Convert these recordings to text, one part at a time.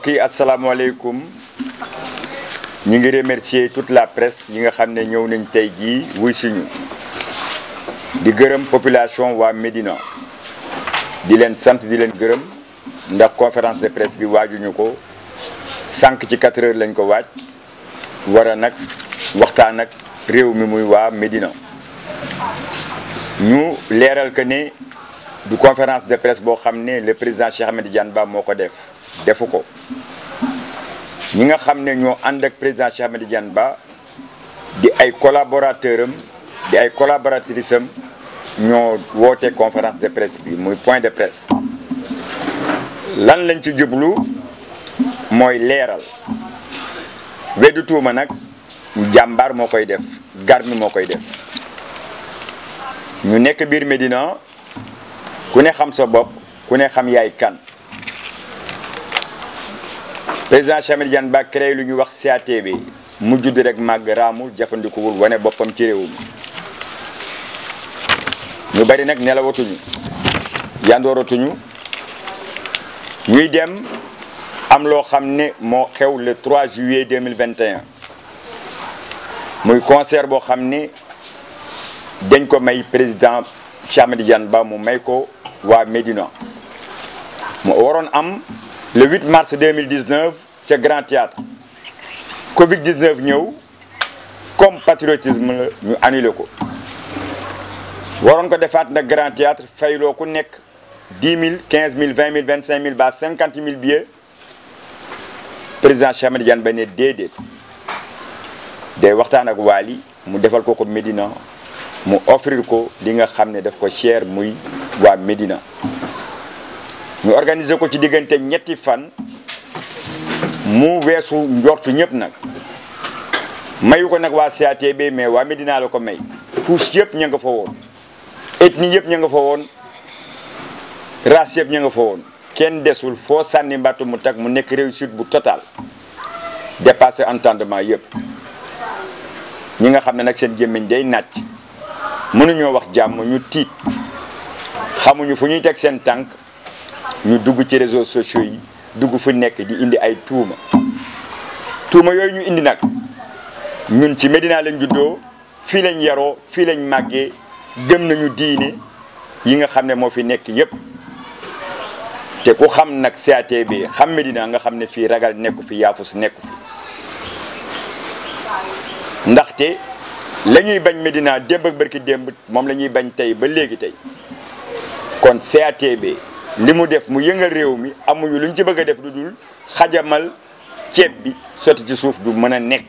mbokk yi asalaamaaleykum ñu ngi remercier toute la presse yi nga xam ne ñëw nañ tey jii wuy suñu di gërëm population waa Médina di leen sant di leen gërëm ndax conférence de presse bi waajuñu ko sànq ci 4 heures lañ ko waaj wara nag waxtaan ak réew mi muy waa Médina ñu leeral que ne du conférence de presse boo xam ne le président Cheikh Ahmed Diane Ba moo ko def. defu ko ñi nga xam ne ñoo ànd ak président Cheikh Ba di ay collaborateur am di ay collaboratrice am ñoo woote conférence de presse bi muy point de presse lan lañ ci jublu mooy leeral weddu nag jàmbaar moo koy def garmi moo koy def ñu nekk biir Médina ku ne xam sa bopp ku ne xam yaay kan président Cheikh Ahmed Tidiane Ba créé lu ñu wax CATB mu judd rek màgg raamul jëfandikuwul wane boppam ci réew ñu bari nag nelawatuñu yandooratuñu ñuy dem am loo xam ne moo xew le 3 juillet 2021 muy concert boo xam ni dañ ko may président Cheikh Ba mu may ko waa Médina mu waroon am le 8 mars 2019 ca Grand Théâtre Covid 19 ñëw comme patriotisme ñu annulé ko waroon ko defaat nag Grand Théâtre fayloo ku nekk 10 000 15 000 20 000 25 000 ba 50 000 billets président Cheikh Ahmed Tidiane déedéet day waxtaan ak Wally mu defal ko ko Médina mu offrir ko li nga xam ne daf ko cher muy waa Médina. ñu organiser ko ci diggante ñetti fan mu weesu njortu ñëpp nag mayu ko nag waa CATB mais waa Medina la ko may couche yëpp ña nga fa woon ethnie yëpp ña nga fa woon race yëpp ña nga fa woon kenn desul foo sànni mbattu mu tag mu nekk réussite bu total dépassé entendement yëpp ñi nga xam ne nag seen gémmiñ day nàcc mënuñoo wax jàmm ñu tiit xamuñu fu ñuy teg seen tànk ñu dugg ci réseau sociaux yi dugg fu nekk di indi ay tuuma tuuma yooyu ñu indi nag ñun ci Medina lañ juddoo fii lañ yaroo fii lañ màggee gëm nañu diine yi nga xam ne moo fi nekk yépp te ku xam nag CATB xam Medina nga xam ne fii ragal nekku fi yaafus nekku ndaxte lañuy bañ Medina démb ak barki moom la ñuy bañ tey ba léegi tey kon CATB li mu def mu yëngal réew mi amuñu luñ ci bëgg a def du dul xajamal ceeb bi sotti ci suuf du mën a nekk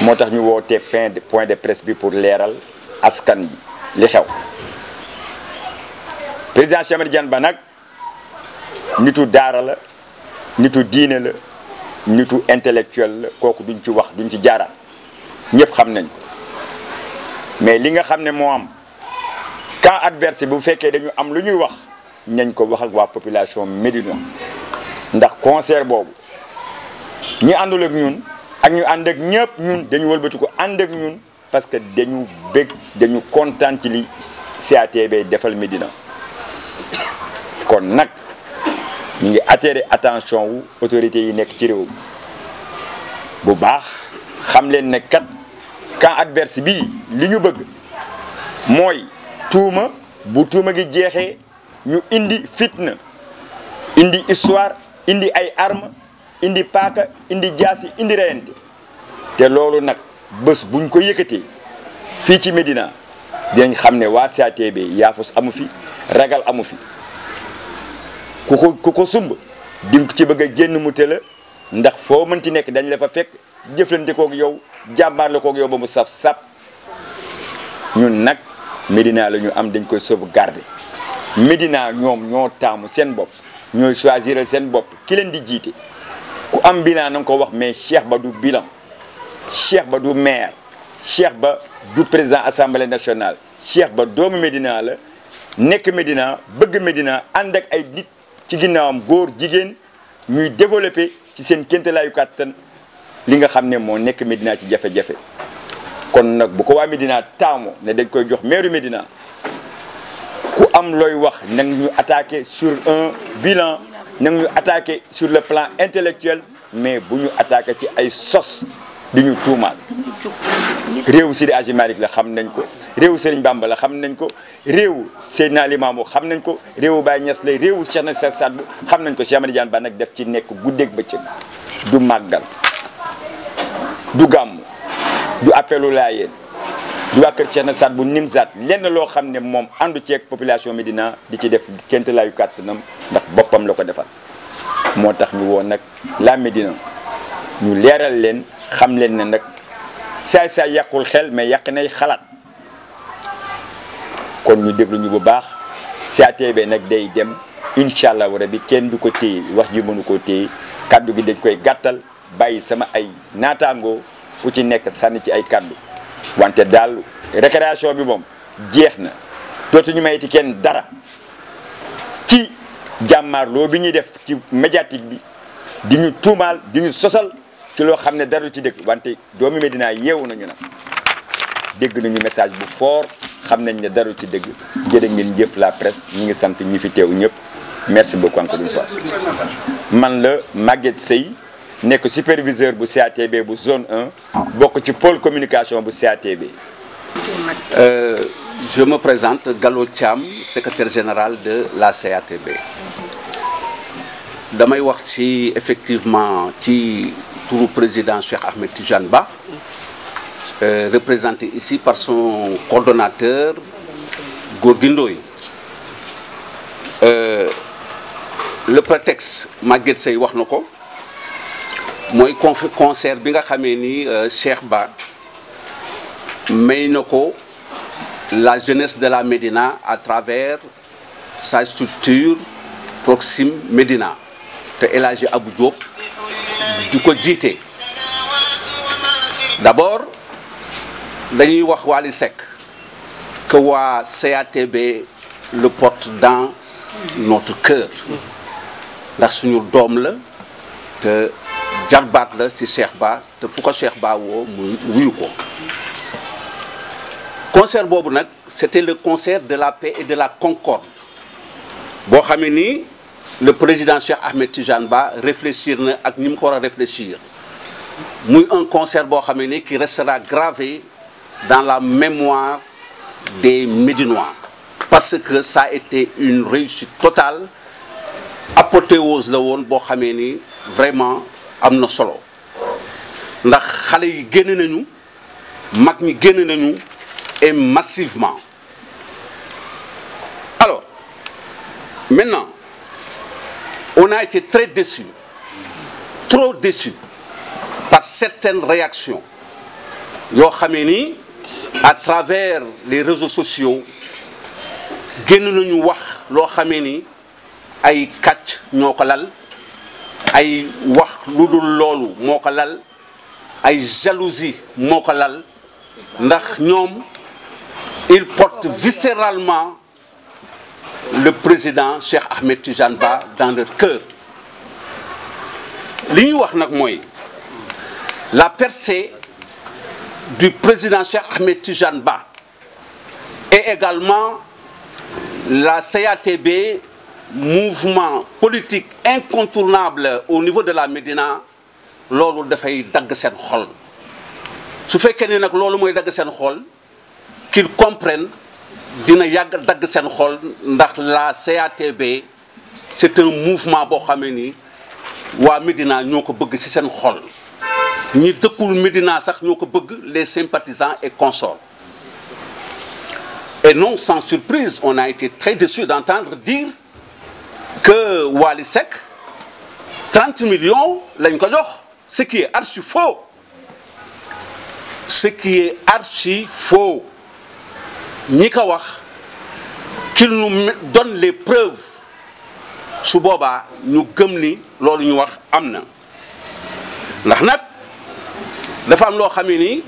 moo tax ñu wootee point de point de presse bi pour leeral askan bi li xew président Cheikh Amadou Diagne Ba nag nitu daara la nitu diine la nitu intellectuel la kooku duñ ci wax duñ ci jaaraat ñëpp xam nañ mais li nga xam ne moo am quand adverse bu fekkee dañu am lu ñuy wax nañ ko wax ak waa population Médina ndax concert boobu ñi àndul ak ñun ak ñu ànd ak ñëpp ñun dañu wëlbati ko ànd ak ñun parce que dañu bëgg dañu kontaan ci li CATB defal Médina kon nag ñu ngi attirer attention wu autorités yi nekk ci réew mi bu baax xam leen ne kat camp adverse bii li ñu bëgg mooy tuuma bu tuuma gi jeexee ñu indi fitna indi histoire indi ay arme indi paaka indi jaasi indi reyante te loolu nag bés buñ ko yëkkatee fii ci Médina dinañ xam ne waa CATB yaafus amu fi ragal amu fi ku ko ku ko sumb dim ci bëgg a génn mu tëla ndax foo mën mënti nekk dañ la fa fekk jëflante koog yow jàmbaar la yow ba mu saf sap ñun nag Médina la ñu am dañ koy sauvegarder Médina ñoom ñoo taamu seen bopp ñoo choisiral seen bopp ki leen di jiite ku am bilan na ko wax mais Cheikh Ba du bilan Cheikh Ba du maire Cheikh Ba du président assemblée national Cheikh Ba doomu Médina la nekk Médina bëgg Médina ànd ak ay nit ci ginnaawam góor jigéen ñuy développé ci seen kéntalaayu kàttan li nga xam ne moo nekk Médina ci jafe-jafe kon nag bu ko waa Médina taamu ne dañ koy jox maire Médina ku am looy wax nag ñu attaqué sur un bilan nag ñu attaqué sur le plan intellectuel mais bu ñu attaqué ci ay sos di ñu tuumaal réew Sidi Hadji xam nañ ko réew Serigne Bamba la xam nañ ko réew Seydina Limamou xam nañ ko réew Baye Niass lay réew Cheikh na Cheikh Sadbou xam nañ ko Cheikh Amadou Diagne Ba nag def ci nekk guddeeg bëccëg du màggal du gàmm du appelu laayeen di waa kër Cheikh na Saad bu saat lenn loo xam ne moom àndu ceeg population Médina di ci def kent laayu kàttanam ndax boppam la ko defal moo tax ñu woon nag la Médina ñu leeral leen xam leen ne nag saay saay yàqul xel mais yàq nay xalaat kon ñu déglu ñu bu baax CATB nag day dem incha allahu rabi kenn du ko téye wax ji mënu ko téye kàddu gi dañ koy gàttal bàyyi sama ay naataangoo ku ci nekk sànni ci ay kàddu wante daal récréation bi moom jeex na dootuñu mayti kenn dara ci jàmmaarloo bi ñuy def ci médiatique bi di ñu tuumaal di ñu sosal ci loo xam ne dara ci dëgg wante doomi Medina yeewu nañu nag dégg nañu message bu foor xam nañ ne dara ci dëgg jërë ngeen jëf la presse ñu ngi sant ñi fi teew ñëpp merci beaucoup encore une fois man la Maguette Seye nekk superviseur bu CATB bu zone 1 bokk ci pôle communication bu CATB. Euh, je me présente Gallo Thiam secrétaire général de la CATB. damay wax ci effectivement ci turu président Cheikh Ahmed Tidiane Ba. Euh, représenté ici par son coordonnateur Gorgui Ndoye euh, le prétexte Maguette Seye wax na ko. mooy concert bi nga xamee ni euh, Cheikh Ba may na ko la jeunesse de la Médina à travers sa structure proxime Médina te El Hadji Abou di ko jiite d'abord dañuy wax Wally Seck que waa CATB le porte dans notre cœur ndax suñu doom la te jarbaat la ci Cheikh Ba te fu ko Cheikh Ba woo mu wuyu concert boobu nag c'était le concert de la paix et de la concorde boo xamee ni le président Cheikh Ahmed Tidiane Ba réfléchir na ak ñi mu ko war a réfléchir muy un concert boo xamee ni qui restera gravé dans la mémoire des Médinois parce que ça a été une réussite totale apothéose la woon boo xamee ni vraiment am na solo ndax xale yi génn nañu mag ñi génn nañu et massivement alors maintenant on a été très déçu trop déçu par certaines réactions yoo xamee ni à travers les réseaux sociaux génn nañu wax loo xamee ni ay kàcc ñoo ko lal ay wax lu dul loolu moo ko ay jalousie moo ko lal ndax ñoom il porte viscéralement le président Cheikh Ahmed Tidiane Ba dans leur cœur li ñuy wax nag mooy la percée du président Cheikh Ahmed Tidiane Ba et également la CATB mouvement politique incontournable au niveau de la Médina loolu dafay dagg seen xol su fekkee ni nag loolu mooy dagg seen xol qu'ils comprennent dina yàgg dagg seen xol ndax la CATB c'est un mouvement boo xamee ni waa Médina ñoo ko bëgg si seen xol ñi dëkkul Médina sax ñoo ko bëgg les sympathisants et consorts et non sans surprise on a été très déçu d'entendre dire que Wally Seck 30 lañ ko jox ce qui est archi faux ce qui est archi faux ñi ko wax qu'il nous donne les preuves su boobaa ñu gëm ni loolu ñu wax am na ndax nag dafa am loo xam ne nii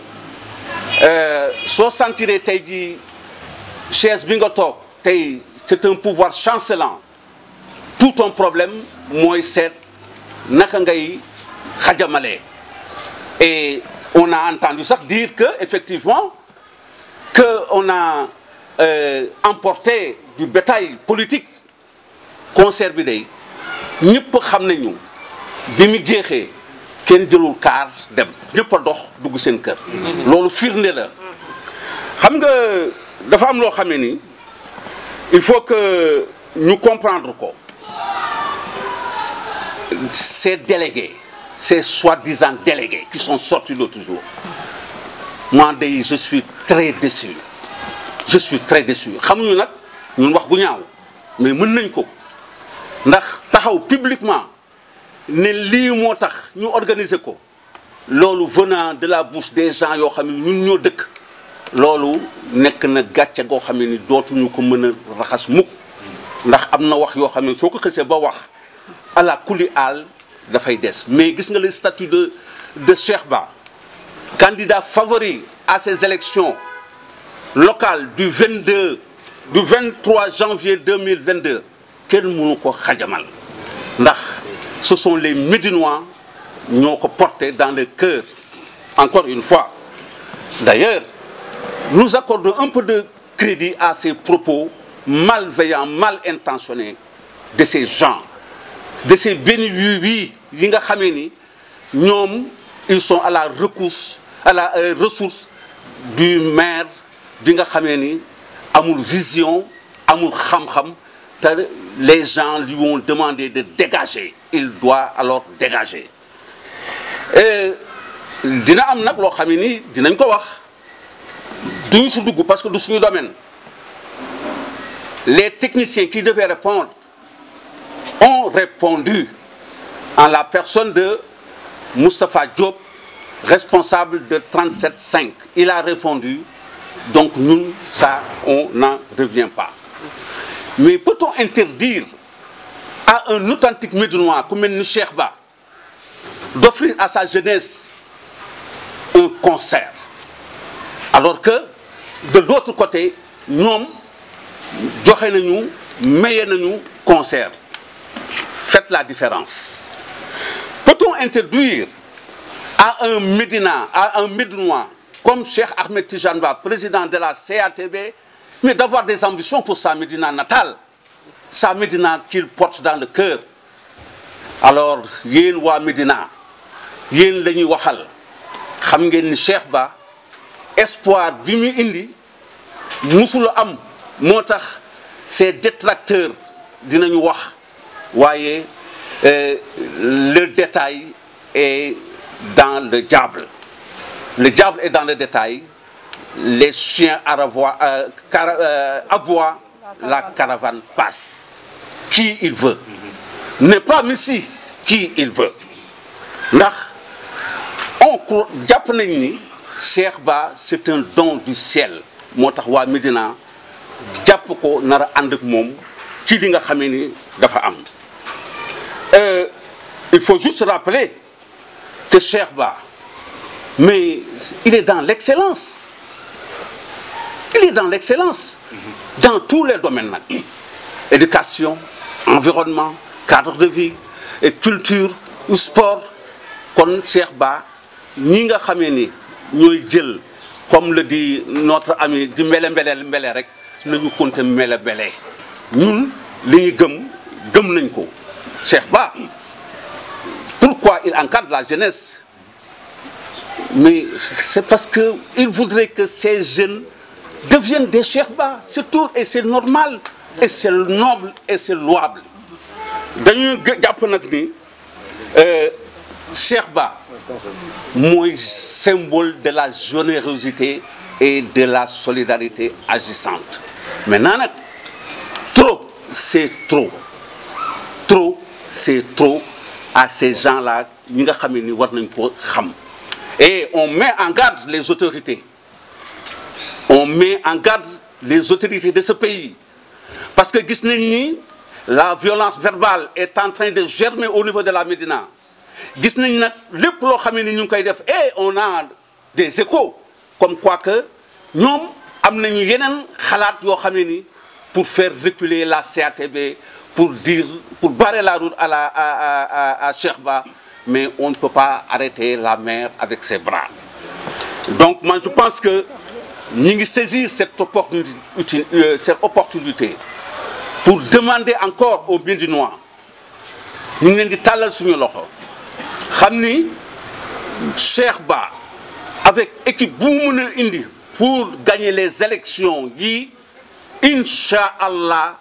euh, soo sentiree tey jii chaise bi nga toog tey c'est un pouvoir chancelant tout ton problème mooy seet naka ngay xajamalee et on a entendu sax dire que effectivement que on a euh, emporté du bétail politique concert bi day ñëpp xam nañu bi mu jeexee kenn jëlul kaar dem ñëpp a dox dugg seen kër loolu firnde la xam nga dafa am loo xam ne ni il faut que ñu comprendre ko ces délégués, ces soi-disant délégués qui sont de l'autre jour, moi, je suis très déçu. Je suis très wax Nous ñaaw mais mun nañ ko ndax taxaw publiquement, ne lii moo tax ñu organiser ko loolu venant de la bouche des gens yoo xam ne ñun ñoo dëkk loolu nekk na gàcce goo xam ne ni dootuñu ko mën a raxas mukk ndax am na wax yoo xam ne soo ko xësee ba wax ala kuli aal dafay des mais gis nga le statut de de Cheikh Ba candidat favori à ces élections locales du 22 du 23 janvier 2022 kenn mënu ko xajamal ndax ce sont ñoo ko porté dans le cœur encore une fois d'ailleurs nous accordons un peu de crédit à ces propos malveillants mal intentionnés de ces gens de ces bénévoles yi nga xamee ni ñoom il sont à la rescousse à la euh, ressource du maire bi nga xamee ni amul vision amul xam-xam les gens lui ont demandé de dégager il doit alors dégager dina am nag loo xam ne ni dinañ ko wax duñ su dugg parce que du suñu domaine les techniciens qui devaient répondre ont répondu en la personne de Moustapha Diop, responsable de 37.5. Il a répondu, donc ça, on n'en revient pas. Mais peut-on interdire un authentique médinois comme une Cherba d'offrir à sa jeunesse un concert que de côté ñoom joxe nañu maye nañu concert la différence. Peut-on introduire à un Médina, à un Médinois, comme Cheikh Ahmed Tijanba, président de la CATB, mais d'avoir des ambitions pour sa Médina natale, sa Médina qu'il porte dans le cœur. alors yéen waa Médina yéen la waxal xam ngeen ni Cheikh Ba espoir bi mu indi musula am moo tax ces détracteurs dinañu wax waaye Euh, le détail est dans le diable. Le diable est dans le détail. Les chiens aravois, euh, car, euh, la caravane passe. Qui il veut. Mhm. N'est pas Messie qui il veut. ndax on court jàpp nañ ni Cheikh Ba c'est un don du ciel moo tax waa Médina jàpp ko nar a ànd moom ci li nga xamee ni dafa am. Euh, il faut juste rappeler que Cheikh Ba, mais il est dans l'excellence. Il est dans l'excellence. Dans tous les domaines. Éducation, environnement, cadre de vie, et culture, sport. Comme Cheikh Ba, ñi nga xamee ni ñooy jël comme le dit notre ami di mbele mbele mbele rek nañu compter mbele mbele ñun li ñu gëm gëm nañ ko Cheikh Ba pourquoi il encadre la jeunesse mais c'est parce que il voudrait que ces jeunes deviennent des Cheikh Ba c'est tout et c'est normal et c'est noble et c'est louable dañuy jàpp nag ni euh, Cheikh Ba mooy symbole de la générosité et de la solidarité agissante maintenant nag trop c'est trop trop c'est trop à ces gens-là ñi nga xam ne ni war nañ ko xam et on met en garde les autorités on met en garde les autorités de ce pays parce que gis nañ ni la violence verbale est en train de germer au niveau de la Médina gis nañ nag lépp loo xam ne ni ñu ngi koy def et on a des échos comme quoi que ñoom am nañu yeneen xalaat yoo xam ne ni pour faire reculer la CATB pour dire, pour barrer la route à, la, à, à, à, à mais on ne peut pas arrêter la mer avec ses bras. Donc moi je pense que nous saisir cette opportunité, euh, cette opportunité pour demander encore aux Bédinois, nous avons dit que Cheikh Ba avec équipe bu mu mën a indi pour gagner les élections yi incha allah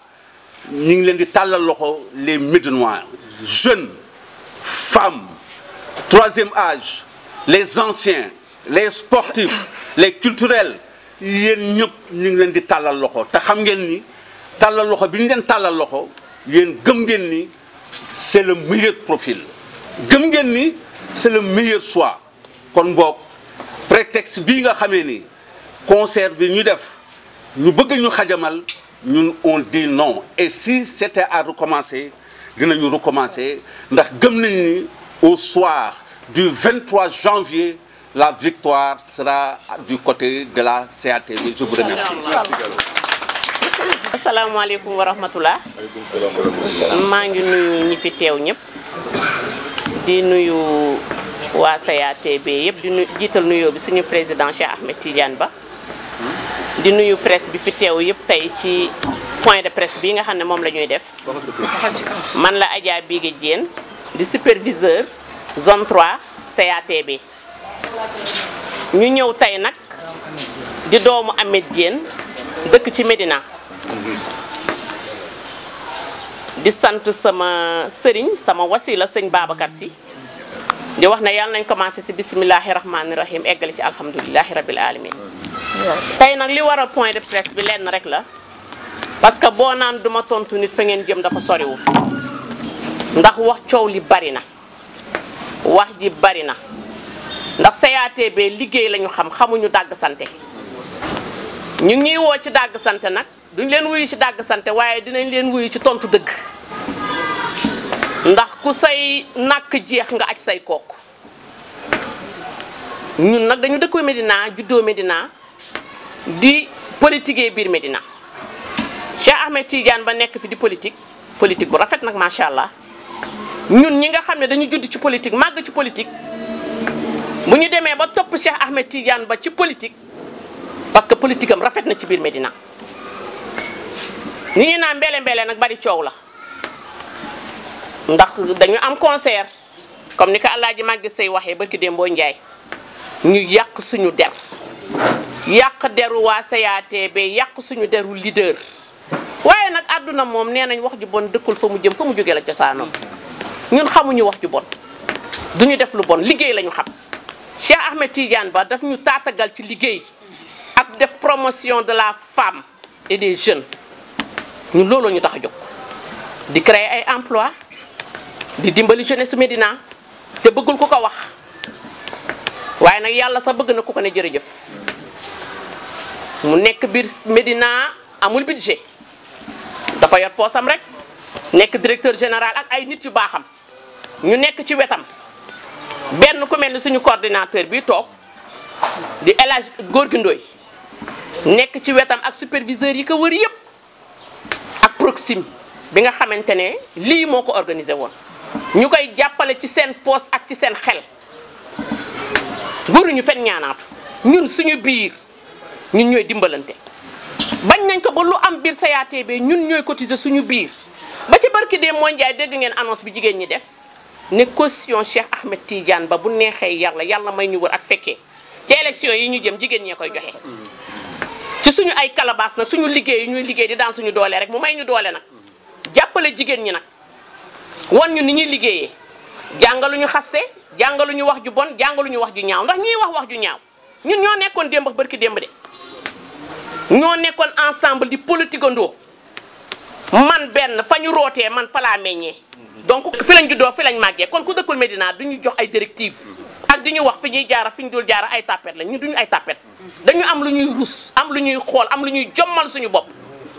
ñu ngi leen di tàllal loxo les Médinois jeunes femmes troisième âge les anciens les sportifs les culturels yéen ñëpp ñu ngi leen di tàllal loxo te xam ngeen ni tàllal loxo bi ñu leen tàllal loxo yéen gëm ngeen ni c'est le meilleur profil gëm ngeen ni c'est le meilleur choix kon boog prétexte bii nga xamee ni concert bi ñu def ñu bëgg ñu xajamal ñun on dit non et si c'était à recommencer dinañu recommencer ndax gëm nañ ni au soir du 23 janvier la victoire sera du côté de la CATV je vous remercie. asalaamaaleykum wa rahmatulah. maa ngi nuyu ñi fi teew ñëpp. di nuyu waa CATV yëpp di nu jiital nuyoo bi suñu président Cheikh Ahmed Tidiane Ba. di nuyu presse bi fi teew yëpp tey ci point de presse bi nga xam ne moom la ñuy def man la Adja Bigué Diène di superviseur zone 3 bi ñu ñëw tey nag di doomu Ameth Diène dëkk ci Médina di sant sama sëriñ sama wasila sëñ Babacar si di wax na yàlla nañ commencé si bisimilahi rahmaani rahim eggale ci alhamdulilahi rabil alamin tey nag li war a point de presse bi lenn rek la parce que boo naan duma tontu nit fa ngeen jëm dafa soriwul ndax wax coow li bari na wax ji bari na ndax CATB liggéey lañu xam xamuñu dàgg sante ñu ngi woo ci dàgg sante nag duñ leen wuyu ci dàgg sante waaye dinañ leen wuyu ci tontu dëgg ndax ku say nakk jeex nga aj say kook ñun nag dañu dëkkoo Medina juddoo Medina di politiquer biir Medina Cheikh Ahmed Tidiane ba nekk fi di politique politique bu rafet nag macha allah ñun ñi nga xam ne dañu judd ci politique màgg ci politique. bu ñu demee ba topp Cheikh Ahmed Tidiane ba ci politique parce que politique am rafet na ci biir Medina ni ñuy naa mbele mbele nag bari coow la ndax dañu am concert comme ni ko ji Màgg Sey waxee barki Dembo Njaay ñu yàq suñu der. yàq deru waa CATB yàq suñu deru leader waaye nag àdduna moom nee nañ wax ju bon dëkkul fa mu jëm fa mu jógee la cosaanoo ñun xamuñu wax ju bon duñu def lu bon liggéey lañu xam Cheikh Ahmed Tidiane Ba daf ñu taatagal ci liggéey ak def promotion de la femme et des jeunes ñun looloo ñu tax a jog di créer ay emploi di dimbali jeunesse su Médina te bëggul ku ko wax waaye nag yàlla sax bëgg na ku ko ne jërëjëf mu nekk biir Médina amul budget dafa yor poosam rek nekk directeur général ak ay nit yu baaxam ñu nekk ci wetam benn ku mel ni suñu coordinateur bi toog di El Hadj Gorgui nekk ci wetam ak superviseurs yi ko wër yëpp ak Proxim bi nga xamante ne lii moo ko organisé woon ñu koy jàppale ci seen poos ak ci seen xel waruñu fen ñaanaatu ñun suñu biir ñun ñooy dimbalante bañ nañ ko ba lu am biir sayaatee bee ñun ñooy cotiser suñu biir ba ci barki dee moo njaay dégg ngeen annonce bi jigéen ñi def ne caution Cheikh Ahmed tiijaan ba bu neexee yàlla yàlla may ñu wër ak fekkee ci élection yi ñu jëm jigéen ñee koy joxe. ci suñu ay calebasse nag suñu liggéey yi ñuy liggéey di daan suñu doole rek mu may ñu doole nag jàppale jigéen ñi nag wan ñu ni ñuy liggéeyee jàngaluñu xasse jàngaluñu wax ju bon jàngaluñu wax ju ñaaw ndax ñiy wax wax ju ñaaw ñun ñoo nekkoon démb ak barki ñoo nekkoon ensemble di politikandoo man benn fa ñu rootee man fa laa meññee donc fi lañ juddoo fi lañ màggee kon ku dëkkul Medina du ñu jox ay directives ak di ñu wax fi ñuy jaara fi ñu dul jaara ay tapet la ñu duñu ay tapet dañu am lu ñuy rus am lu ñuy xool am lu ñuy jommal suñu bopp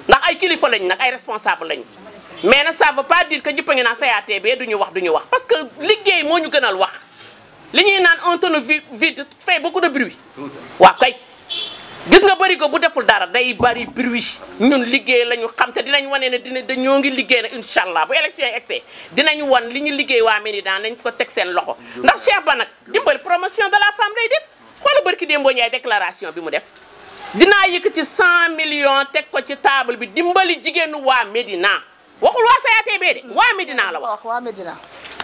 ndax ay kilifa lañ nag ay responsable lañ mais na ça veut pas dire que ñëpp a ngi naan CATB du ñu wax du ñu wax parce que liggéey moo ñu gënal wax li ñuy naan un tonneau vide fait beaucoup de bruit gis nga ko bu deful dara day bari bruit ñun liggéey la ñu xam te dinañ wane ne dina dañoo ngi liggéey nag incha allah bu élection yi egsee dinañ wan li ñu liggéey waa Médina nañ ko teg seen loxo ndax Cheikh Ba nag dimbali promotion de la femme lay def wala barki démboo ñaay déclaration bi mu def dinaa yëkkati 100 million teg ko ci table bi dimbali jigéenu waa Médina waxul waa SATB de waa Médina la wax waa Médina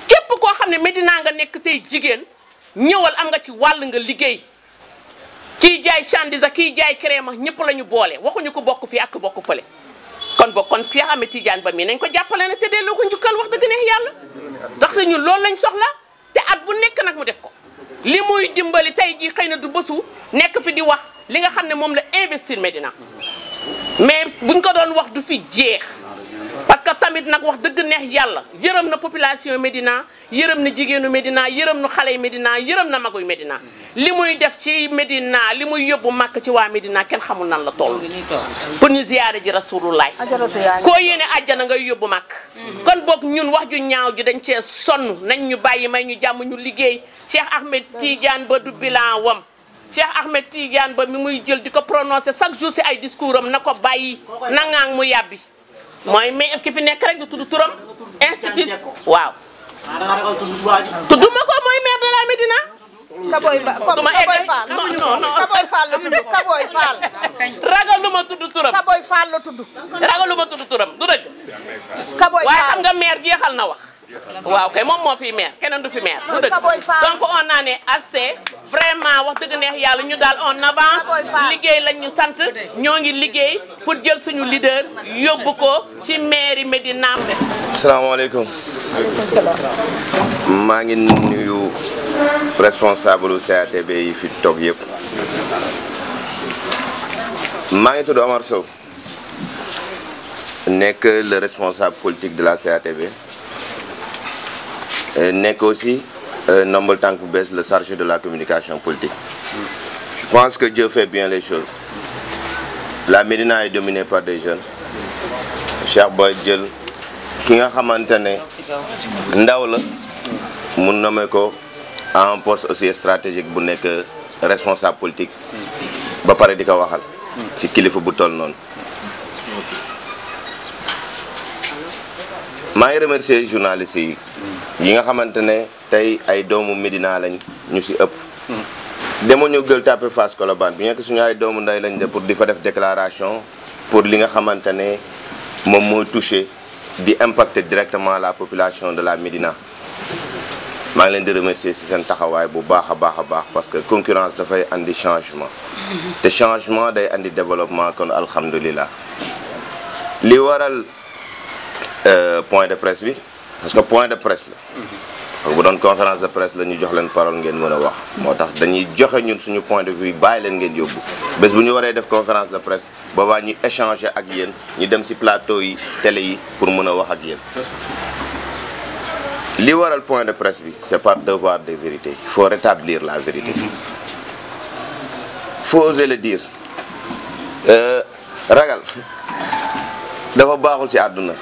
képp koo xam ne Médina nga nekk tey jigéen ñëwal am nga ci wàll nga liggéey kii jaay chandise ak kii jaay crème ak ñëpp la ñu boole waxuñu ko bokk fii ak bokk fële. kon bokk kon Cheikh Ahmed Tidiane Ba mii nañ ko jàppale ne te delloo ko njukkal wax dëgg neex yàlla ndax sa ñun loolu lañ soxla te at bu nekk nag mu def ko li muy dimbali tey jii xëy na du bësu nekk fi di wax li nga xam ne moom la investir Médina mais buñ ko doon wax du fi jeex. parce tamit nag wax dëgg neex yàlla yërëm na population Médina yërëm na jigéenu Médina yërëm na xale yi Médina yërëm na maguy Médina li muy def ci Médina li muy yóbbu màkk ci waa Médina kenn xamul nan la toll pour ñu ziyaare ji rasulullah koo yéene àjjana ngay yóbbu màkk kon boog ñun wax ju ñaaw ji dañ cee sonn nañ ñu bàyyi may ñu jàmm ñu liggéey Cheikh Ahmed Tidiane ba du bilan wam Cheikh Ahmed tiijaan ba mi muy jël di ko prononcer chaque jour si ay discours am na ko bàyyi nangaang mu yàbbi mooy mais ki nekk rek di tudd turam. institut waaw. tudd ma ko mooy maire de la Médina. Kaboy Ba ma tudd turam. Kaboy Fall la turam du dëgg. waaye xam nga maire jeexal na wax. waaw kay moom moo fi maire keneen du fi maire. du dëgg donc on en est vraiment wax dëgg neex yàlla ñu daal on avance ah, liggéey lañ sant ñoo ngi liggéey pour jël suñu leader yóbbu ko ci mairie Médina Mbé. salaamaaleykum. maaleykum maa ngi nuyu responsable CATB yi fi toog yëpp. maa ngi tudd Omar Sow nekk le responsable politique de la CATB nekk aussi. Euh, Ndombal Tànk bu bees le chargé de la communication politique je pense que Dieu fait bien les choses la Médina est dominée par des jeunes Cheikh Ba jël ki nga xamante ne ndaw la mu nommé ko à un poste aussi stratégique bu nekk responsable politique ba pare di ko waxal si kilifa bu tol noonu maa ngi remercier journalistes li nga xamante ne tey ay doomu Médina lañ ñu si ëpp. demoon ñu Gueule Tapée Fass Colobane bi nekk suñu ay doomu ndey lañ de pour di fa def déclaration pour li nga xamante ne moom mooy touché di impacter directement la population de la Médina. maa ngi leen di remercier ci seen taxawaay bu baax a baax a baax parce que concurrence dafay indi changement te changement day indi développement kon alhamdulilah li waral euh, point de presse bi parce que point de presse la. parce que bu doon conférence de presse la ñu jox leen parole ngeen mën a wax. moo tax dañuy joxe ñu suñu point de vue bàyyi leen ngeen yóbbu bés bu ñu waree def conférence de presse boobaa ñu échanger ak yéen ñu dem ci plateau yi télé yi pour mën a wax ak yéen. li waral point de presse bi c'est par devoir de vérité il faut rétablir la vérité faut oser le dire euh, ragal dafa baaxul ci àdduna.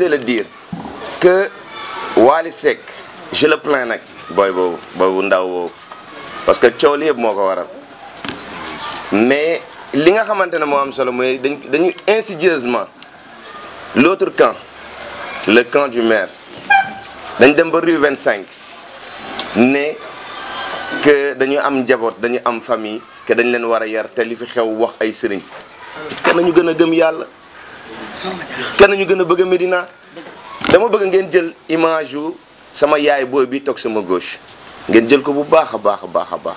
il le dire. que Wally Seck je le nag booy boobu boy bu ndaw boobu parce que coow li yëpp moo ko waral mais li nga xamante ne moo am solo mooy dañ dañu insidieusement l'autre camp le camp du maire dañ dem ba rue 25 ne que dañu am njaboot dañu am famille que dañ leen war a yar te li fi xew wax ay sëriñ kenn ñu gën a gëm yàlla kenn ñu gën a Médina dama bëgg ngeen jël image yu sama yaay booy bi toog sama gauche ngeen jël ko bu baax a baax a baax a baax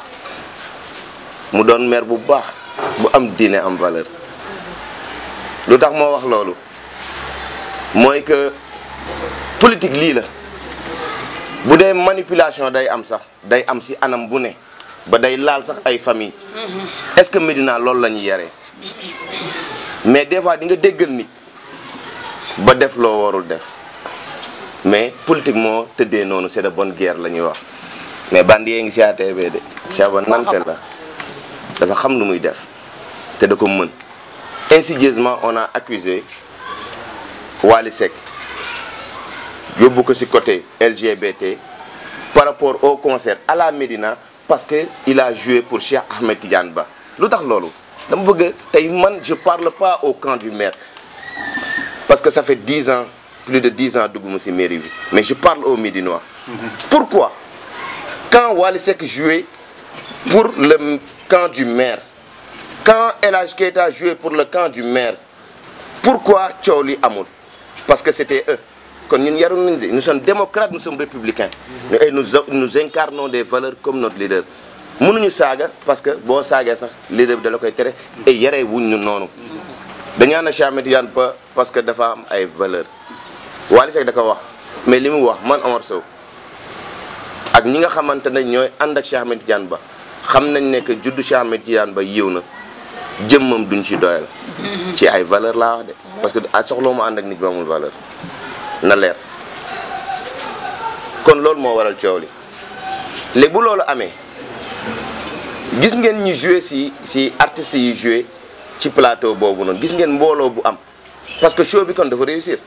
mu doon mère bu baax bu am diine am valeur lu tax moo wax loolu mooy que politique lii la bu dee manipulation day am sax day am si anam bu ne ba day laal sax ay famille mm-hmm. est-ce que Médina loolu la ñu yaree mais des fois di nga déggal nit ba def loo warul def mais politiquement moo tëddee noonu c'est de bonne guerre la ñuy wax mais bandi yee ngi si ATB de saba nante la dafa xam nu muy def te da ko mën insidieusement on a accusé Wally yóbbu ko si côté LGBT par rapport au concert à la Médina parce que il a joué pour Cheikh Ahmed Tidiane Ba lu tax loolu dama bëgg tey man je parle pas au camp du maire parce que ça fait dix ans plus de dix ans dugguma ci mairie bi mais je parle aux Médinois pourquoi quand Wally Seck jouait pour le camp du maire kan El Hadj Keita jouait pour le camp du maire pourquoi coow li amul parce que c'était eux kon ñun yarul nañu de nous sommes démocrates nous sommes républicains et nous nous incarnons des valeurs comme notre leader mënuñu saaga parce que boo saagee sax leader bi da la koy tere et yaree wu ñu noonu dañaa na Cheikh Ahmed Tidiane parce que dafa am ay valeurs Wally Seck da ko wax mais li mu wax man Omar Sow ak ñi nga xamante ne ñooy ànd ak Cheikh Ahmed Ba xam nañ ne que juddu Cheikh Ahmed Tidiane Ba yiw na jëmmam duñ ci doyal ci ay valeur laa wax de parce que a soxloo ma ànd ak nit ba amul valeur na leer kon loolu moo waral coow li léegi bu loolu amee gis ngeen ñi joué si si artistes yi joué ci plateau boobu noonu gis ngeen mbooloo bu am parce que show bi kon dafa réussir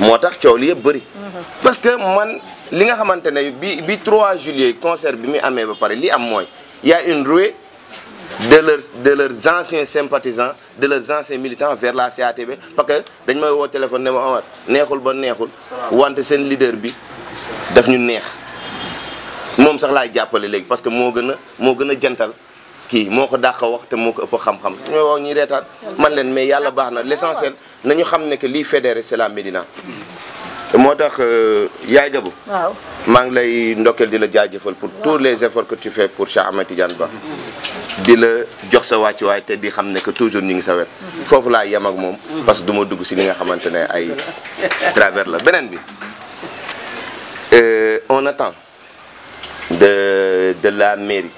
moo tax coow li yëpp bëri. Mhm. parce que man li nga xamante ne bi bi 3 juillet concert bi muy amee ba pare li am mooy y une ruée de leurs de leurs anciens sympathisants de leurs anciens militants vers la CATB parce que dañ may woo téléphone ne ma Omar neexul ba neexul wante seen leader bi daf ñu neex moom sax laay jàppale léegi parce que moo gën a moo gën a jantal. kii moo ko dàq wax te moo ko ëpp xam-xam ñooy waaw ñuy reetaan man leen mais yàlla baax na l'essentiel nañu xam ne que lii fédéré c'est la Médina moo tax euh, yaay gabu waaw maa ngi lay ndokkeel di la jaajëfal pour tous les efforts que tu fais pour Cheikh Ahmed Tidiane Ba di la jox sa wàcc wàccuwaay te di xam ne que toujours ñu ngi sa wet foofu laa yem ak moom parce que du ma dugg si li nga xamante ne ay travers la beneen bi euh, on attend de de la mairie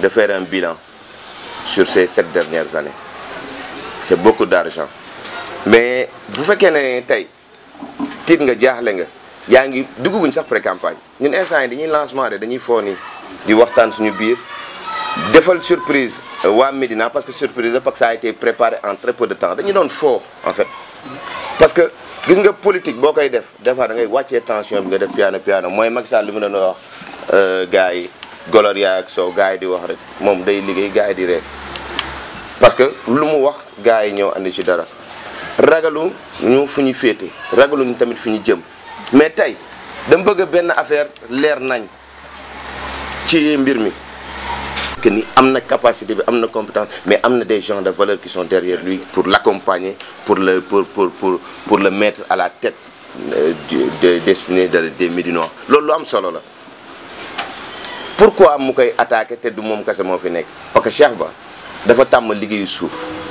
de faire un bilan sur ces sept dernières années c'est beaucoup d'argent mais bu fekkee ne tey tiit nga jaaxle nga yaa ngi dugguñ sax pré-campagne ñun instant yi dañuy lancement de dañuy foo nii di waxtaan suñu biir defal surprise euh, waa Médina parce que surprise parce que ça a été préparé en très peu de temps dañu doon foo en fait parce que gis nga politique boo koy def des fois da ngay wàccee tension bi nga def piano piano mooy Macky Sall li mu doon wax euh, gars yi golor yaa ak soow gars yi di wax rek moom day liggéey gars yi di ree parce que lu mu wax gars yi ñëw andi ci dara ragalu ñu fu ñu féete ragalu ñu tamit fu ñu jëm mais tey dam bëgg benn affaire leer nañ ci mbir mi que ni am na capacité bi am na compétence mais am na des gens de valeur qui sont derrière lui pour l'accompagner pour le pour pour pour pour le mettre à la tête euh, de destinée de des Médinois loolu lu am solo la pourquoi mu koy attaqué te du moom kese moo fi nekk parce que Cheikh Ba dafa tàmm liggéeyu suuf